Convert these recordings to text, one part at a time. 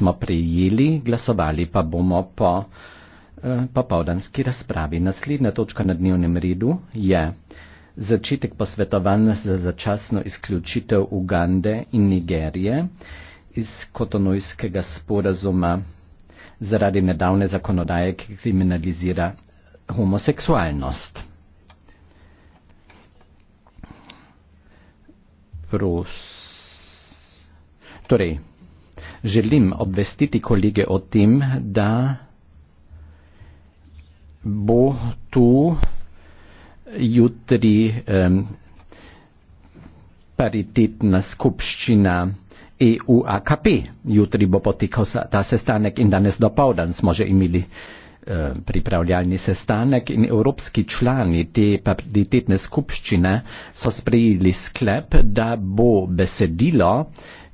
smo prejeli, glasovali pa bomo po eh, popovdanski razpravi. Naslednja točka na dnevnem redu je začetek posvetovanja za začasno izključitev Ugande in Nigerije iz kotonojskega sporazuma zaradi nedavne zakonodaje, ki kriminalizira homoseksualnost. Prosim. Torej, želim obvestiti kolege o tem, da bo tu jutri um, paritetna skupščina EUAKP. Jutri bo potekal ta sestanek in danes do povdan smo že imeli pripravljalni sestanek in evropski člani te paritetne skupščine so sprejeli sklep, da bo besedilo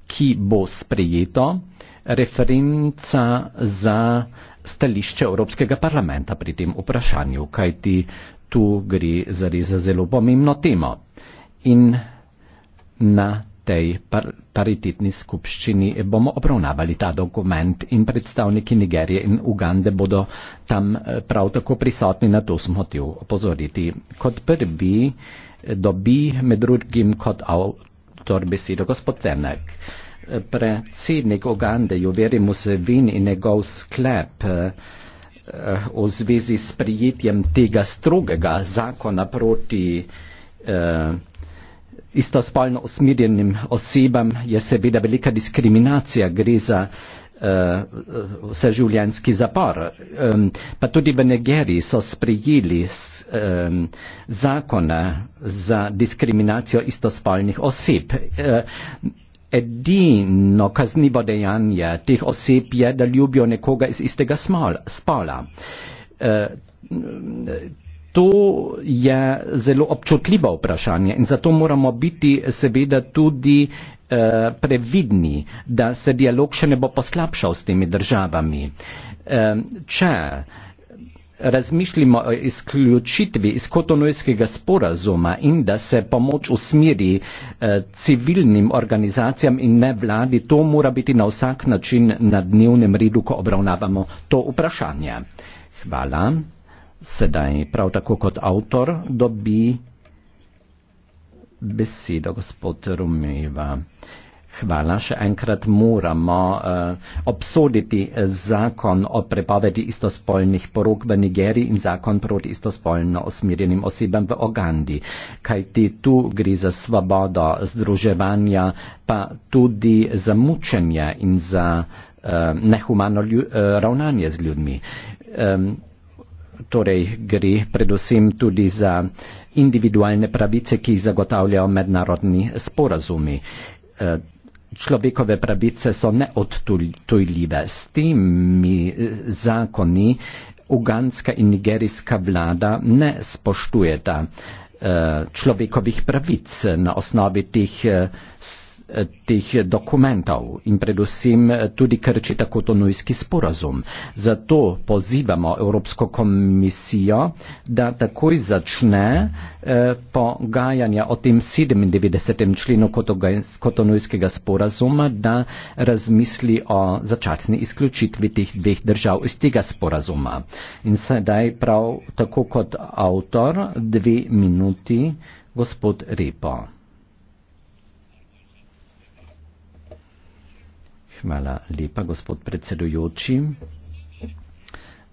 ki bo sprejeto, referenca za stališče Evropskega parlamenta pri tem vprašanju, kajti tu gre zares za zelo pomembno temo. In na tej par paritetni skupščini bomo obravnavali ta dokument in predstavniki Nigerije in Ugande bodo tam eh, prav tako prisotni, na to sem hotel opozoriti. Kot prvi dobi med drugim kot avtor doktor, besedo gospod Temnek. Predsednik Ogande, jo verjemo se vin in njegov sklep eh, eh, o zvezi s prijetjem tega strogega zakona proti eh, istospolno usmirjenim osebam je seveda velika diskriminacija. Gre za uh, eh, vseživljenski zapor. Um, pa tudi v Nigeriji so sprejeli um, zakona za diskriminacijo istospolnih oseb. Uh, edino kaznivo dejanje teh oseb je, da ljubijo nekoga iz istega smol, spola. Uh, To je zelo občutljivo vprašanje in zato moramo biti seveda tudi eh, previdni, da se dialog še ne bo poslabšal s temi državami. Eh, če razmišljamo o izključitvi iz kotonojskega sporazuma in da se pomoč usmiri eh, civilnim organizacijam in ne vladi, to mora biti na vsak način na dnevnem redu, ko obravnavamo to vprašanje. Hvala sedaj prav tako kot avtor dobi besedo gospod Romeva. Hvala. Še enkrat moramo uh, obsoditi zakon o prepovedi istospolnih porok v Nigeriji in zakon proti istospolno osmirjenim osebam v Ogandi. Kaj ti tu gre za svobodo združevanja, pa tudi za mučenje in za uh, nehumano lju, uh, ravnanje z ljudmi. Um, torej gre predvsem tudi za individualne pravice, ki jih zagotavljajo mednarodni sporazumi. Eh, človekove pravice so neodtujljive. S temi eh, zakoni uganska in nigerijska vlada ne spoštujeta eh, človekovih pravic na osnovi teh teh dokumentov in predvsem eh, tudi krči tako tonujski sporazum. Zato pozivamo Evropsko komisijo, da takoj začne eh, pogajanja o tem 97. členu kotonujskega sporazuma, da razmisli o začasni izključitvi teh dveh držav iz tega sporazuma. In sedaj prav tako kot avtor dve minuti gospod Repo. Hvala lepa, gospod predsedujoči.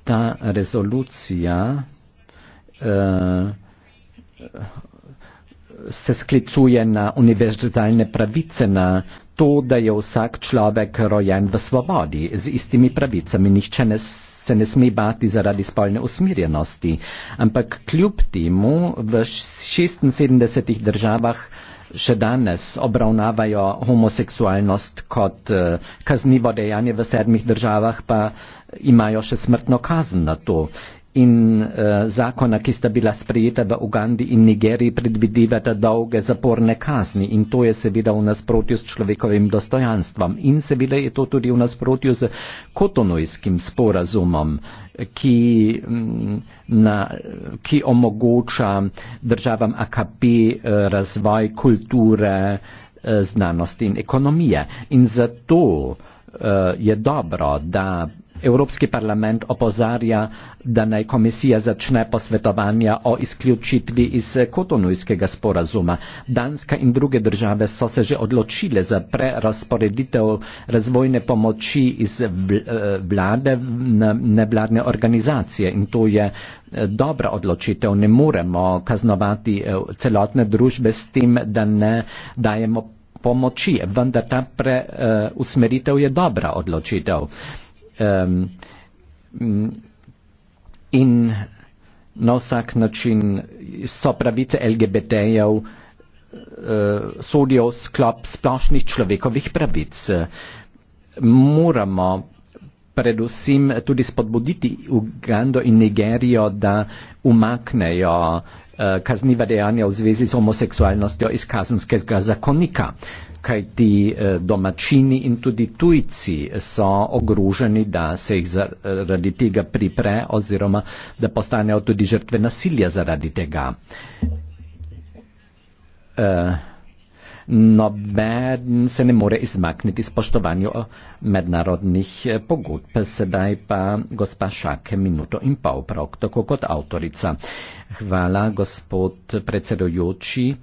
Ta rezolucija uh, se sklicuje na univerzalne pravice, na to, da je vsak človek rojen v svobodi z istimi pravicami. Nihče ne, se ne sme bati zaradi spolne usmirjenosti. Ampak kljub temu v 76 državah uh, še danes obravnavajo homoseksualnost kot eh, kaznivo dejanje v sedmih državah pa imajo še smrtno kazen na to in uh, zakona, ki sta bila sprejeta v Ugandi in Nigeriji, predvidevata dolge zaporne kazni in to je seveda v nasprotju s človekovim dostojanstvom in seveda je to tudi v nasprotju z kotonojskim sporazumom, ki, mm, na, ki omogoča državam AKP eh, razvoj kulture, eh, znanosti in ekonomije. In zato uh, je dobro, da Evropski parlament opozarja, da naj komisija začne posvetovanja o izključitvi iz kotonujskega sporazuma. Danska in druge države so se že odločile za prerasporeditev razvojne pomoči iz eh, vlade na nevladne organizacije in to je eh, dobra odločitev. Ne moremo kaznovati eh, celotne družbe s tem, da ne dajemo pomoči, vendar ta pre, uh, usmeritev je dobra odločitev. Uh, um, in na vsak način so pravice LGBT-jev uh, eh, sodijo sklop splošnih človekovih pravic. Moramo predvsem tudi spodbuditi Ugando in Nigerijo, da umaknejo uh, kazniva dejanja v zvezi s homoseksualnostjo iz kazenskega zakonika. Kaj ti uh, eh, domačini in tudi tujci so ogroženi, da se jih zaradi tega pripre oziroma da postanejo tudi žrtve nasilja zaradi tega. Uh, noben se ne more izmakniti spoštovanju eh, mednarodnih eh, pogodb. Sedaj pa gospa Šake minuto in pol prav, tako kot avtorica. Hvala, gospod predsedojoči.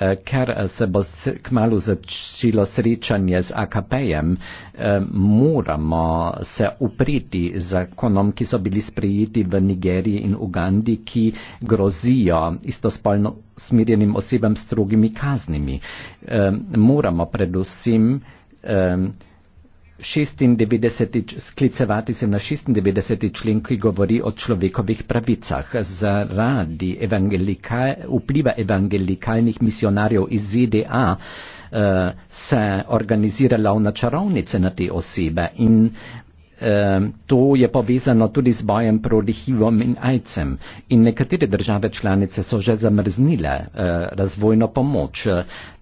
Eh, ker se bo kmalo začelo srečanje z AKP-jem, eh, moramo se upriti zakonom, ki so bili sprejeti v Nigeriji in Ugandi, ki grozijo istospolno smirjenim osebam strogimi kaznimi. Eh, moramo predvsem 96. sklicevati se na 96. člen, ki govori o človekovih pravicah. Zaradi evangelika, vpliva evangelikalnih misionarjev iz ZDA uh, eh, se organizira lovna čarovnice na te osebe in eh, To je povezano tudi z bojem proti HIV-om in AIDS-em in nekatere države članice so že zamrznile eh, razvojno pomoč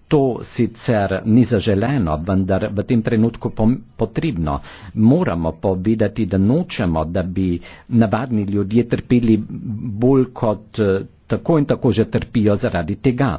to sicer ni zaželeno, vendar v tem trenutku potrebno. Moramo povedati, da nočemo, da bi navadni ljudje trpeli bolj kot eh, tako in tako že trpijo zaradi tega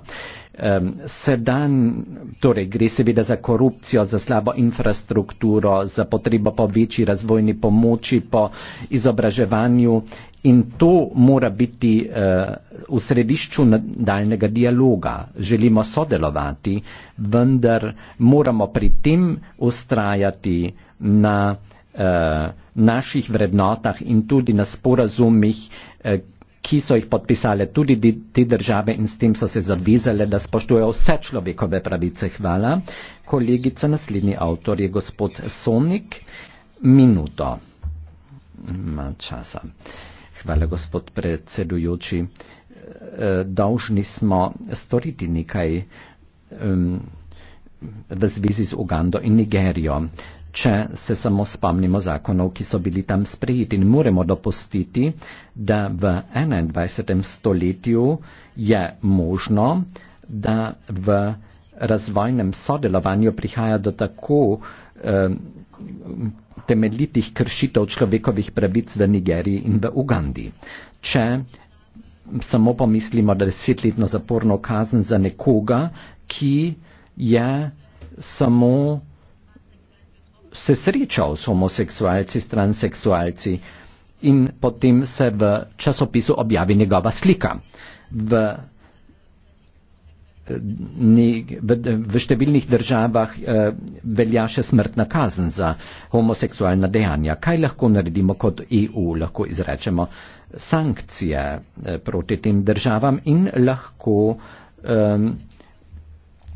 um, sedan, torej gre seveda za korupcijo, za slabo infrastrukturo, za potrebo po večji razvojni pomoči, po izobraževanju in to mora biti uh, v središču daljnega dialoga. Želimo sodelovati, vendar moramo pri tem ustrajati na uh, naših vrednotah in tudi na sporazumih, uh, ki so jih podpisale tudi te države in s tem so se zavizale, da spoštujejo vse človekove pravice. Hvala. Kolegica, naslednji avtor je gospod Sonik. Minuto. Ma časa. Hvala, gospod predsedujoči. E, dolžni smo storiti nekaj um, v zvezi z Ugando in Nigerijo. Uh, če se samo spomnimo zakonov, ki so bili tam sprejeti. Ne moremo dopustiti, da v 21. stoletju je možno, da v razvojnem sodelovanju prihaja do tako eh, temeljitih kršitev človekovih pravic v Nigeriji in v Ugandi. Če samo pomislimo, da desetletno zaporno kazen za nekoga, ki je samo se srečal s homoseksualci, s transseksualci in potem se v časopisu objavi njegova slika. V, ne, v, v številnih državah eh, velja še smrtna kazen za homoseksualna dejanja. Kaj lahko naredimo kot EU? Lahko izrečemo sankcije eh, proti tem državam in lahko eh,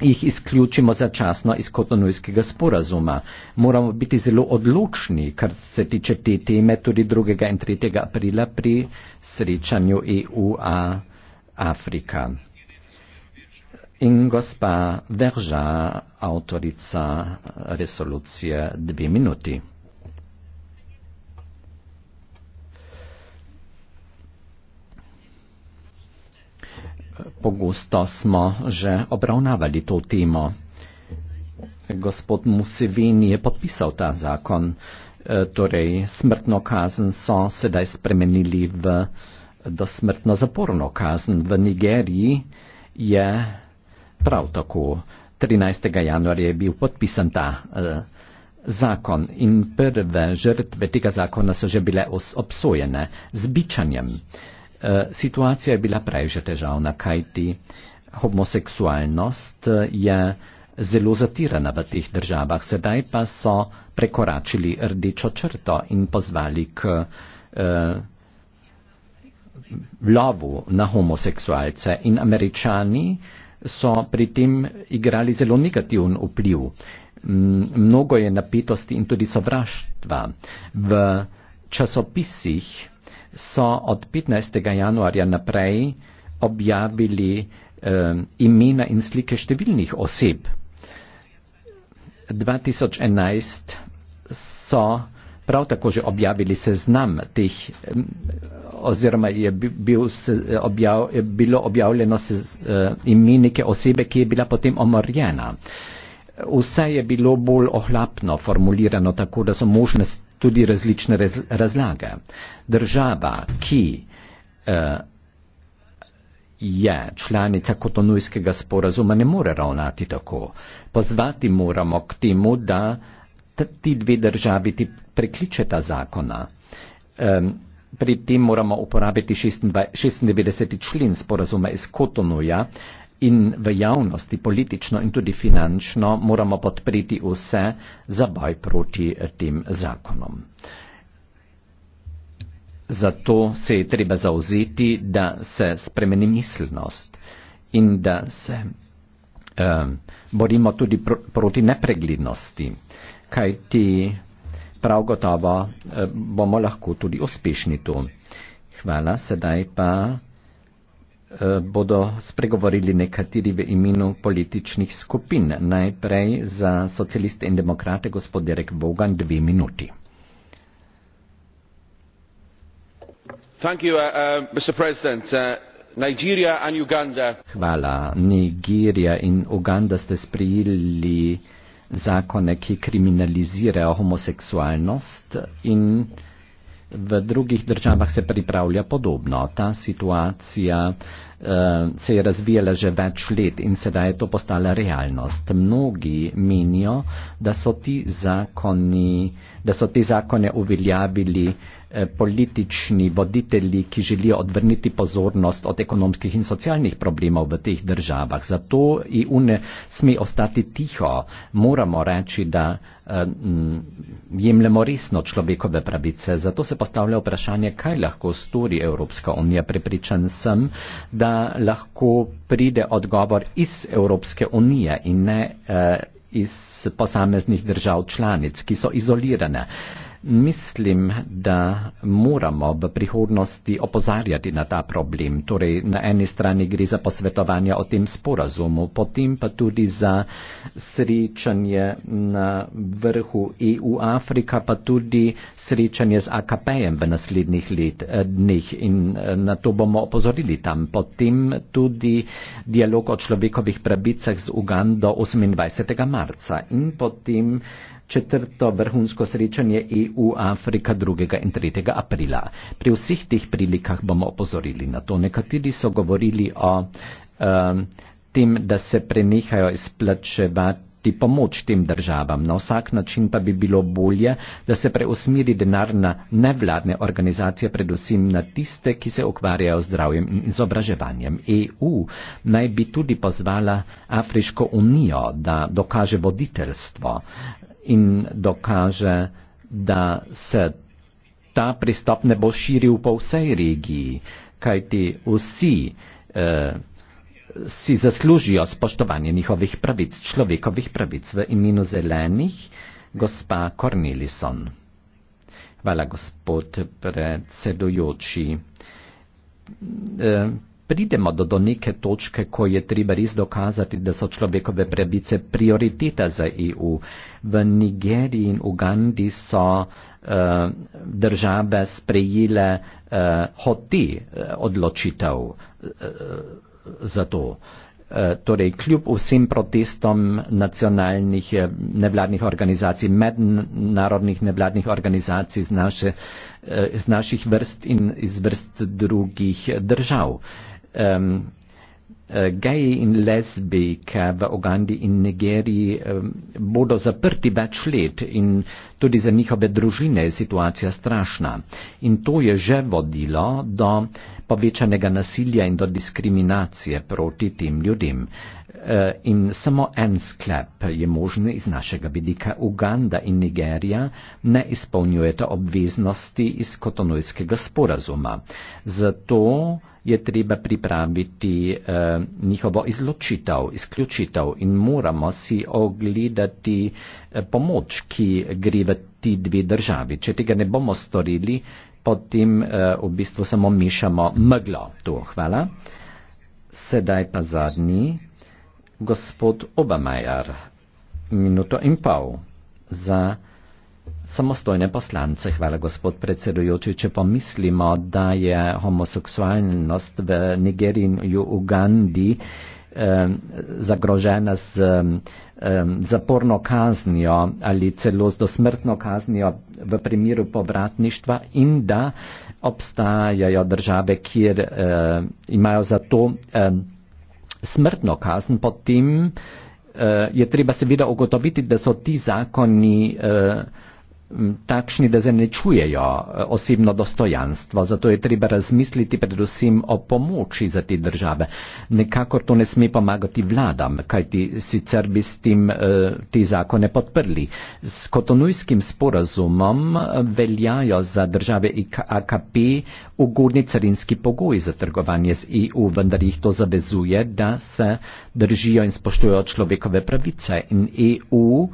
jih izključimo začasno iz kotonujskega sporazuma. Moramo biti zelo odločni, kar se tiče te teme, tudi 2. in 3. aprila pri srečanju EU-Afrika. In gospa Verža, avtorica resolucije, dve minuti. pogosto smo že obravnavali to temo. Gospod Museveni je podpisal ta zakon, e, torej smrtno kazen so sedaj spremenili v dosmrtno zaporno kazen. V Nigeriji je prav tako 13. januarja je bil podpisan ta e, zakon in prve žrtve tega zakona so že bile obsojene z bičanjem. Eh, situacija je bila prej že težavna, kajti homoseksualnost eh, je zelo zatirana v teh državah, sedaj pa so prekoračili rdečo črto in pozvali k eh, lovu na homoseksualce in američani so pri tem igrali zelo negativen vpliv. Mnogo je napetosti in tudi sovraštva. V časopisih so od 15. januarja naprej objavili eh, imena in slike številnih oseb. 2011 so prav tako že objavili seznam teh, eh, oziroma je, bil se, objav, je bilo objavljeno eh, ime neke osebe, ki je bila potem omorjena. Vse je bilo bolj ohlapno formulirano, tako da so možnosti tudi različne razlage. Država, ki eh, je članica kotonujskega sporazuma, ne more ravnati tako. Pozvati moramo k temu, da ti dve državi ti prekličeta zakona. Pri tem moramo uporabiti 96. člen sporazuma iz kotonuja, in v javnosti, politično in tudi finančno, moramo podpreti vse za boj proti eh, tem zakonom. Zato se je treba zauzeti, da se spremeni miselnost in da se eh, borimo tudi pr proti nepreglednosti, kajti prav gotovo eh, bomo lahko tudi uspešni tu. Hvala, sedaj pa. Eh, bodo spregovorili nekateri v imenu političnih skupin. Najprej za socialiste in demokrate gospod Derek Bogan dve minuti. Uh, uh, uh, Hvala. Nigerija in Uganda ste sprijeli zakone, ki kriminalizirajo homoseksualnost in v drugih državah se pripravlja podobno. Ta situacija eh, se je razvijala že več let in sedaj je to postala realnost. Mnogi menijo, da so ti zakoni, da so te zakone uveljavili Eh, politični voditelji, ki želijo odvrniti pozornost od ekonomskih in socialnih problemov v teh državah. Zato EU ne sme ostati tiho. Moramo reči, da eh, jemljemo resno človekove pravice. Zato se postavlja vprašanje, kaj lahko stori Evropska unija. Prepričan sem, da lahko pride odgovor iz Evropske unije in ne eh, iz posameznih držav članic, ki so izolirane. Mislim, da moramo v prihodnosti opozarjati na ta problem. Torej, na eni strani gre za posvetovanje o tem sporazumu, potem pa tudi za srečanje na vrhu EU Afrika, pa tudi srečanje z AKP-jem v naslednjih let, eh, dneh in eh, na to bomo opozorili tam. Potem tudi dialog o človekovih pravicah z Ugando 28. marca in potem četrto vrhunsko srečanje EU Afrika 2. in 3. aprila. Pri vseh teh prilikah bomo opozorili na to. Nekateri so govorili o um, tem, da se prenehajo izplačevati ti pomoč tem državam. Na vsak način pa bi bilo bolje, da se preusmiri denar na nevladne organizacije, predvsem na tiste, ki se ukvarjajo z zdravjem in izobraževanjem. EU naj bi tudi pozvala Afriško unijo, da dokaže voditeljstvo in dokaže, da se ta pristop ne bo širil po vsej regiji, kajti vsi eh, si zaslužijo spoštovanje njihovih pravic, človekovih pravic v imenu zelenih, gospa Cornelison. Hvala, gospod predsedujoči. Eh, pridemo do, do neke točke, ko je treba res dokazati, da so človekove pravice prioriteta za EU. V Nigeriji in Ugandi so eh, države sprejele eh, hoti eh, odločitev eh, za to. Eh, torej, kljub vsem protestom nacionalnih eh, nevladnih organizacij, mednarodnih nevladnih organizacij iz, naše, iz naših vrst in iz vrst drugih držav. Uh, um, uh, gej in lezbijke v Ugandi in Nigeriji um, bodo zaprti več let in tudi za njihove družine je situacija strašna. In to je že vodilo do povečanega nasilja in do diskriminacije proti tem ljudem. Eh, in samo en sklep je možen iz našega vidika. Uganda in Nigerija ne izpolnjujeta obveznosti iz kotonojskega sporazuma. Zato je treba pripraviti eh, njihovo izločitev, izključitev in moramo si ogledati eh, pomoč, ki gre v ti dve državi. Če tega ne bomo storili, potem eh, v bistvu samo mišamo meglo. To, hvala. Sedaj pa zadnji gospod Obamajer, minuto in pol za samostojne poslance. Hvala, gospod predsedujoči. Če pomislimo, da je homoseksualnost v Nigeriji in Ugandi zagrožena z zaporno kaznijo ali celo z dosmrtno kaznijo v primeru povratništva in da obstajajo države, kjer imajo za to smrtno kazen, potem uh, eh, je treba seveda ugotoviti, da so ti zakoni uh, takšni, da zanečujejo e, osebno dostojanstvo. Zato je treba razmisliti predvsem o pomoči za te države. Nekakor to ne sme pomagati vladam, kajti sicer bi s tem e, te zakone podprli. S kotonujskim sporazumom e, veljajo za države AKP ugodni carinski pogoji za trgovanje z EU, vendar jih to zavezuje, da se držijo in spoštujejo človekove pravice. In EU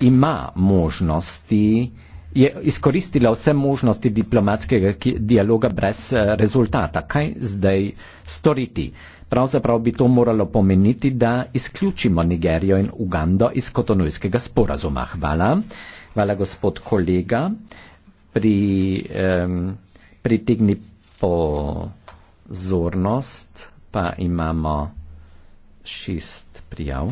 ima možnosti, je izkoristila vse možnosti diplomatskega dialoga brez eh, rezultata. Kaj zdaj storiti? Pravzaprav bi to moralo pomeniti, da izključimo Nigerijo in Ugando iz kotonujskega sporazuma. Hvala. Hvala, gospod kolega. Pri, eh, pritigni pozornost, pa imamo šest prijav.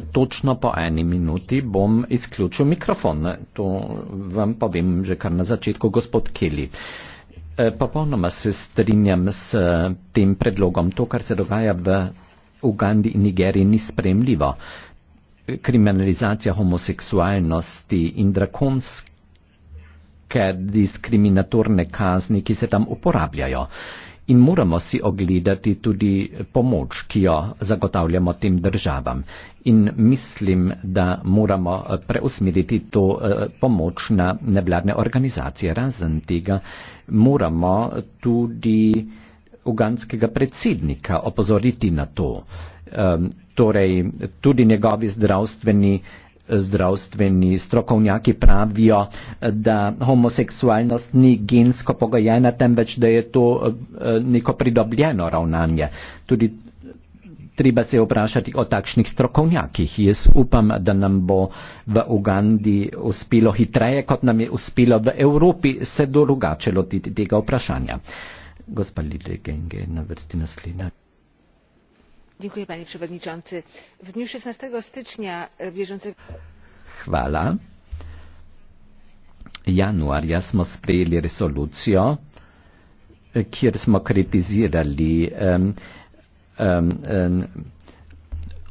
točno po eni minuti bom izključil mikrofon. To vam povem že kar na začetku, gospod Keli. E, popolnoma se strinjam s e, tem predlogom. To, kar se dogaja v Ugandi in Nigeriji, ni spremljivo. Kriminalizacija homoseksualnosti in drakonske diskriminatorne kazni, ki se tam uporabljajo in moramo si ogledati tudi pomoč, ki jo zagotavljamo tem državam. In mislim, da moramo eh, preusmeriti to eh, pomoč na nevladne organizacije. Razen tega moramo tudi uganskega predsednika opozoriti na to. Torej, tudi njegovi zdravstveni zdravstveni strokovnjaki pravijo, da homoseksualnost ni gensko pogojena, temveč da je to eh, neko pridobljeno ravnanje. Tudi treba se vprašati o takšnih strokovnjakih. Jaz upam, da nam bo v Ugandi uspelo hitreje, kot nam je uspelo v Evropi se drugače lotiti tega vprašanja. Gospa Lidegenge, na vrsti naslednja panie przewodniczący! w dniu szesnaście stycznia e, bieżącego chwala januaria smo sprejeli resolucjo e, kjer smo kritizirali um, um,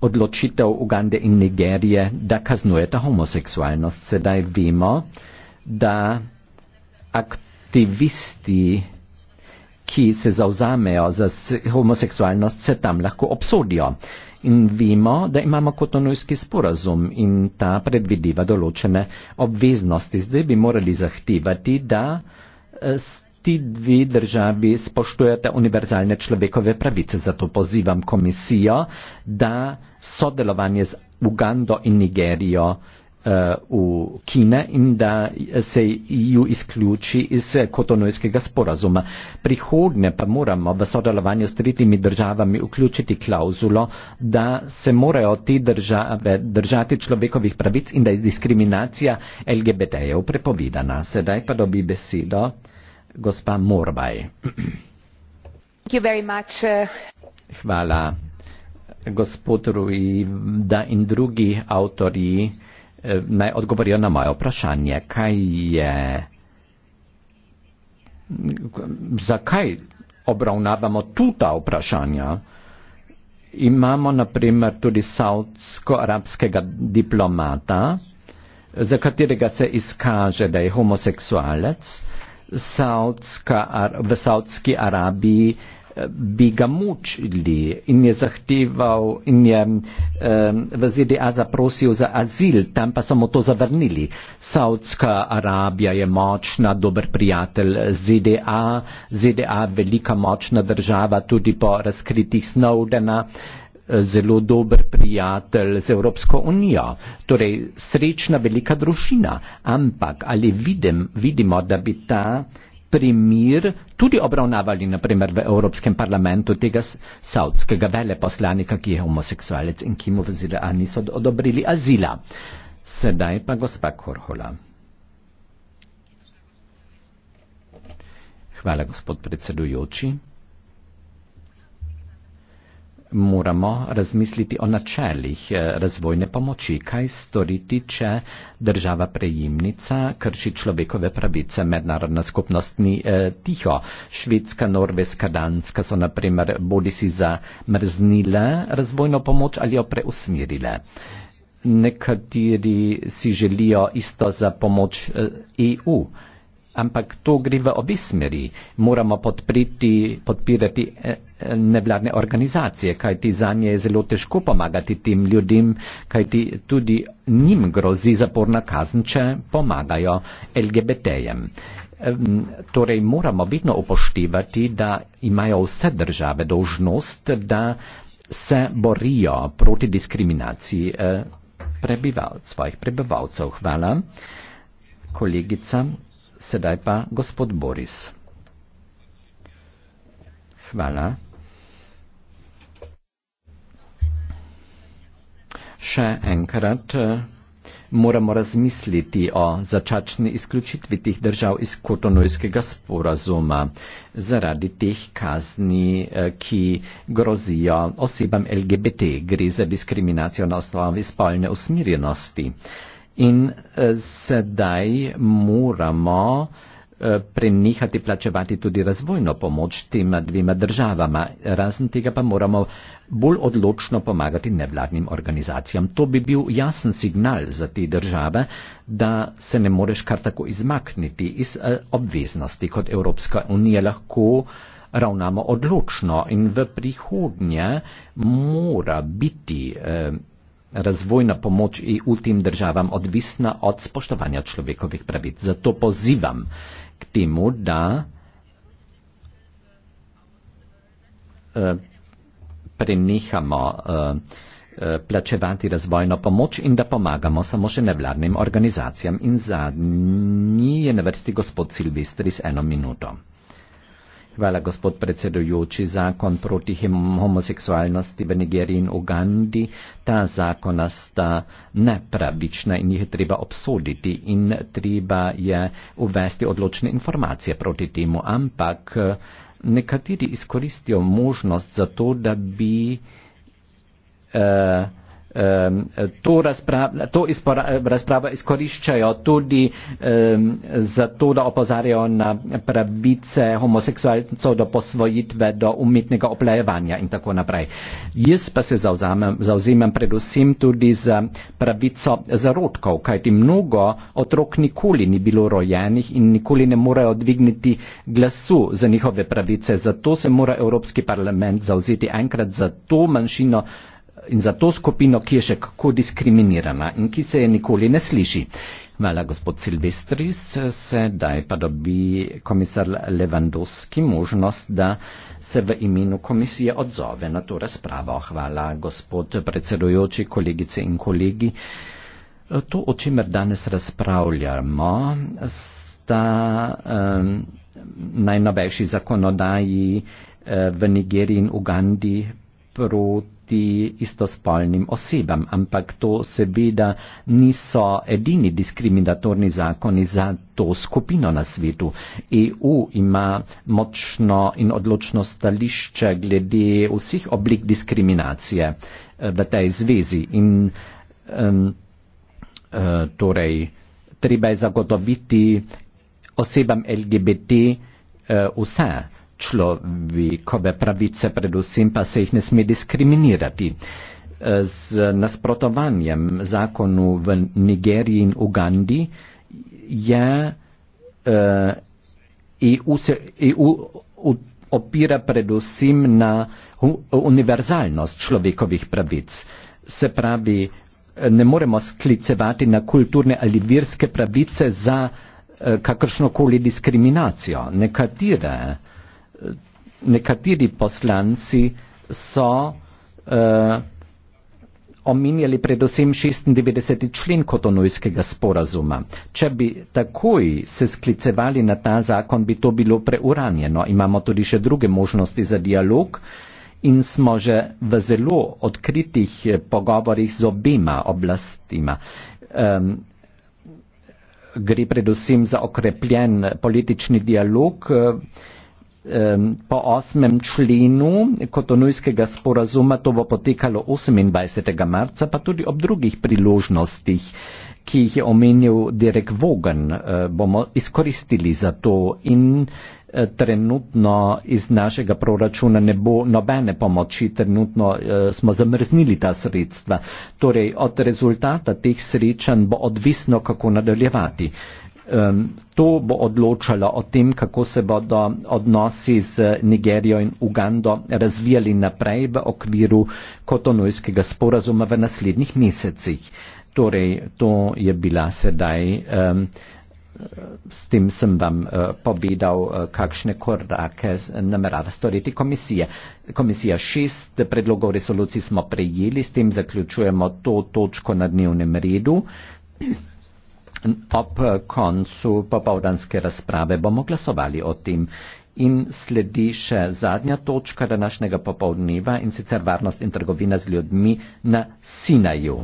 odločitev ugande in nigerije da kaznujeta homoseksualnost sedaj vemo da aktivisti ki se zauzamejo za homoseksualnost, se tam lahko obsodijo. In vemo, da imamo kotonujski sporazum in ta predvideva določene obveznosti. Zdaj bi morali zahtevati, da eh, ti dve državi spoštujete univerzalne človekove pravice. Zato pozivam komisijo, da sodelovanje z Ugando in Nigerijo Eh, v Kina in da se ju izključi iz kotonojskega sporazuma. Prihodne pa moramo v sodelovanju s tretjimi državami vključiti klauzulo, da se morajo te države držati človekovih pravic in da je diskriminacija LGBT-jev prepovedana. Sedaj pa dobi besedo gospa Morbaj. Eh. Hvala, gospod Rui, da in drugi avtorji naj odgovorijo na moje vprašanje. Kaj je, zakaj obravnavamo tu ta vprašanja? Imamo naprimer tudi saudsko-arabskega diplomata, za katerega se izkaže, da je homoseksualec. Saudska, v Saudski Arabiji bi ga mučili in je zahteval in je v ZDA zaprosil za azil, tam pa samo to zavrnili. Saudska Arabija je močna, dober prijatelj ZDA, ZDA velika močna država tudi po razkritih Snowdena zelo dober prijatelj z Evropsko unijo, torej srečna velika družina, ampak ali vidim, vidimo, da bi ta primer tudi obravnavali naprimer, v Evropskem parlamentu tega saudskega veleposlanika, ki je homoseksualec in ki mu v ZDA niso odobrili azila. Sedaj pa gospa Korhola. Hvala, gospod predsedujoči moramo razmisliti o načelih eh, razvojne pomoči, kaj storiti, če država prejemnica krši človekove pravice, mednarodna skupnost ni eh, tiho. Švedska, Norveska, Danska so naprimer bodi si zamrznile razvojno pomoč ali jo preusmirile. Nekateri si želijo isto za pomoč EU, eh, e ampak to gre v obi smeri. Moramo podpreti, podpirati. Eh, nevladne organizacije, kajti za nje je zelo težko pomagati tim ljudem, kajti tudi njim grozi zaporna kazn, če pomagajo LGBT-jem. Torej moramo vedno upoštevati, da imajo vse države dožnost, da se borijo proti diskriminaciji eh, prebivalcev, svojih prebivalcev. Hvala, kolegica. Sedaj pa gospod Boris. Hvala. Še enkrat eh, moramo razmisliti o začačni izključitvi tih držav iz kotonojskega sporazuma zaradi teh kazni, eh, ki grozijo osebam LGBT. Gre za diskriminacijo na osnovi spolne usmirjenosti. In eh, sedaj moramo Eh, prenehati plačevati tudi razvojno pomoč tema dvima državama. Razen tega pa moramo bolj odločno pomagati nevladnim organizacijam. To bi bil jasen signal za te države, da se ne moreš kar tako izmakniti iz eh, obveznosti, kot Evropska unija lahko ravnamo odločno in v prihodnje mora biti eh, razvojna pomoč EU tem državam odvisna od spoštovanja človekovih pravic. Zato pozivam k temu, da uh, prenehamo uh, plačevati razvojno pomoč in da pomagamo samo še nevladnim organizacijam. In zadnji je na vrsti gospod Silvestris eno minuto. Hvala, gospod predsedujoči. Zakon proti homoseksualnosti v Nigeriji in Ugandi, ta zakona sta nepravična in jih je treba obsoditi in treba je uvesti odločne informacije proti temu. Ampak nekateri izkoristijo možnost za to, da bi. Uh, um, to, razpra to izpora, razpravo izkoriščajo tudi um, zato, da opozarjajo na pravice homoseksualcev do posvojitve, do umetnega oplejevanja in tako naprej. Jaz pa se zauzemam predvsem tudi za pravico zarodkov, kajti mnogo otrok nikoli ni bilo rojenih in nikoli ne morejo dvigniti glasu za njihove pravice. Zato se mora Evropski parlament zauzeti enkrat za to manjšino, in za to skupino, ki je še kako diskriminirana in ki se je nikoli ne sliši. Hvala, gospod Silvestris. Sedaj pa dobi komisar Levandovski možnost, da se v imenu komisije odzove na to razpravo. Hvala, gospod predsedujoči, kolegice in kolegi. To, o čemer danes razpravljamo, sta um, najnovejši zakonodaji eh, v Nigeriji in Ugandi proti proti istospolnim osebam, ampak to seveda niso edini diskriminatorni zakoni za to skupino na svetu. EU ima močno in odločno stališče glede vseh oblik diskriminacije eh, v tej zvezi in um, torej treba je zagotoviti osebam LGBT uh, eh, vse človekove pravice predvsem pa se jih ne sme diskriminirati. Z nasprotovanjem zakonu v Nigeriji in Ugandi je EU, eh, e se, EU opira predvsem na univerzalnost človekovih pravic. Se pravi, ne moremo sklicevati na kulturne ali virske pravice za eh, kakršnokoli diskriminacijo. Nekatere uh, Eh, nekateri poslanci so eh, omenjali predvsem 96. člen kotonujskega sporazuma. Če bi takoj se sklicevali na ta zakon, bi to bilo preuranjeno. Imamo tudi še druge možnosti za dialog in smo že v zelo odkritih eh, pogovorih z obima oblastima. Um, gre predvsem za okrepljen politični dialog. Uh, po osmem členu kotonujskega sporazuma to bo potekalo 28. marca, pa tudi ob drugih priložnostih, ki jih je omenil Derek Vogan, eh, bomo izkoristili za to in eh, trenutno iz našega proračuna ne bo nobene pomoči, trenutno eh, smo zamrznili ta sredstva. Torej od rezultata teh srečanj bo odvisno, kako nadaljevati um, to bo odločalo o tem, kako se bodo odnosi z Nigerijo in Ugando razvijali naprej v okviru kotonojskega sporazuma v naslednjih mesecih. Torej, to je bila sedaj, um, s tem sem vam uh, povedal, uh, kakšne korake namerava storiti komisija. Komisija šest predlogov resolucij smo prejeli, s tem zaključujemo to točko na dnevnem redu. Ob koncu popovdanske razprave bomo glasovali o tem. In sledi še zadnja točka današnjega popovdneva in sicer varnost in trgovina z ljudmi na Sinaju.